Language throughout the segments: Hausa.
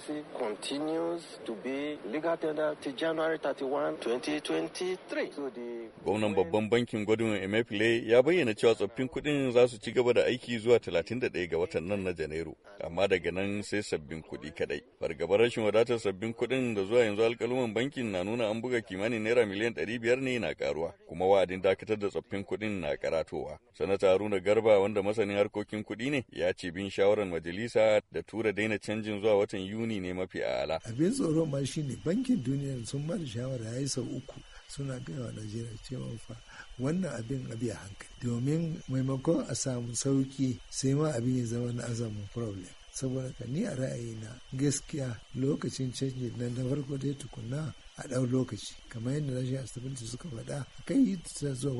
currency continues to be legal tender to January 31, 2023. Gwamnan babban bankin gwadon mfla ya bayyana cewa tsoffin kuɗin za su ci gaba da aiki zuwa 31 ga watan nan na Janairu, amma daga nan sai sabbin kuɗi kadai. Fargabar rashin wadatar sabbin kuɗin da zuwa yanzu alkaluman bankin na nuna an buga kimanin naira miliyan 500 ne na karuwa, kuma wa'adin dakatar da tsoffin kuɗin na karatowa. Sanata Haruna Garba wanda masanin harkokin kuɗi ne ya ce bin shawarar majalisa da tura daina canjin zuwa watan Yuni muni ne mafi ala. Abin tsoro ma shi ne bankin duniya sun ba da shawara ya yi sau uku suna gaya wa Najeriya cewa fa wannan abin a hankali. Domin maimakon a samu sauki sai ma abin ya zama na azamu problem. saboda ka ni a ra'ayina gaskiya lokacin canji na na farko dai tukuna a ɗau lokaci kamar yadda rashin asibiti suka faɗa kai yi ta zuwa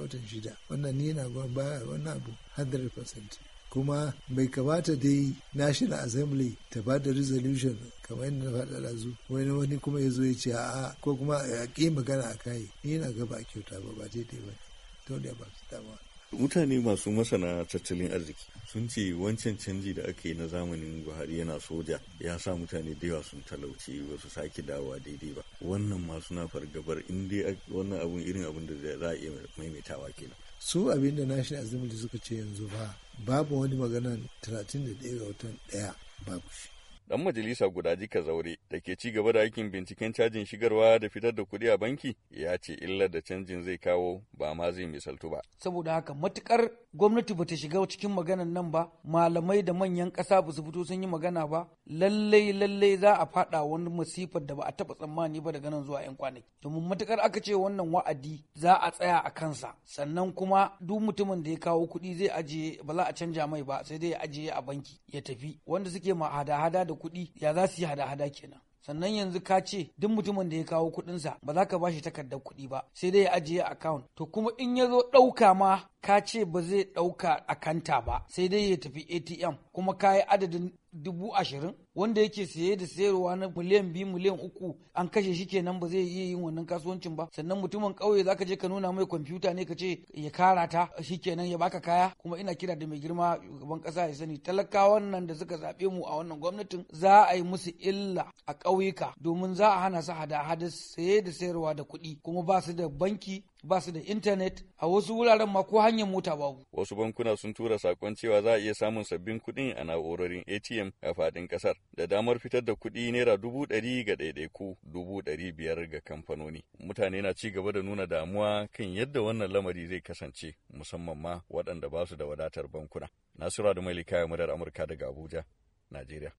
watan shida wannan ni na goyon baya wannan abu 100% kuma bai kamata dai national assembly ta ba da resolution kamar yadda na faɗa lazu wani wani kuma ya zo ya ce a'a ko kuma a ƙi magana a kai ni na gaba a kyauta ba ba daidai ba ta wani ba su dama mutane masu masana tattalin arziki sun ce wancan canji da aka yi na zamanin buhari yana soja ya sa mutane da yawa sun talauci ba su sake dawowa daidai ba wannan ma suna fargabar in dai wannan abun irin abun da za a iya maimaitawa kenan su abinda da national assembly suka ce yanzu ba babu wani maganar 31 ga watan 1 babu shi dan majalisa guda jika zaure da ke ci gaba da aikin binciken cajin shigarwa da fitar da kuɗi a banki ya ce illar da canjin zai kawo ba ma zai misaltu ba. Saboda haka matukar gwamnati bata shiga cikin maganan nan ba malamai da manyan ƙasa ba su fito sun yi magana ba lallai lallai za a faɗa wani masifar da ba a taɓa tsammani ba daga nan zuwa 'yan kwanaki. Domin matukar aka ce wannan wa'adi za a tsaya a kansa sannan kuma duk mutumin da ya kawo kuɗi zai ajiye ba za a canja mai ba sai dai ya ajiye a banki ya tafi wanda suke ma hada-hada da kuɗi ya za su yi hada-hada kenan sannan yanzu ka ce duk mutumin da ya kawo kuɗinsa ba za ka shi takardar kuɗi ba sai dai ya ajiye account to kuma in ya zo ɗauka ma ka ce ba zai ɗauka a kanta ba sai dai ya tafi atm kuma kayi adadin dubu ashirin wanda yake saye da sayarwa na miliyan biyu miliyan uku an kashe shi kenan ba zai iya yin wannan kasuwancin ba sannan mutumin ƙauye zaka je ka nuna mai kwamfuta ne ka ce ya kara ta shi kenan ya baka kaya kuma ina kira da mai girma shugaban ƙasa ya sani talakawan nan da suka zaɓe mu a wannan gwamnatin za a yi musu illa a ƙauyuka domin za a hana su hada-hada saye da sayarwa da kuɗi kuma ba su da banki ba su da intanet a wasu wuraren ma ko hanyar mota babu. Wasu bankuna sun tura sakon cewa za a iya samun sabbin kuɗi a na'urorin ATM a faɗin ƙasar da damar fitar da kuɗi naira dubu ɗari ga ɗaiɗaiku dubu ɗari biyar ga kamfanoni. Mutane na ci gaba da nuna damuwa kan yadda wannan lamari zai kasance musamman ma waɗanda ba su da wadatar bankuna. Nasiru da Malika Yamurar Amurka daga Abuja, Najeriya.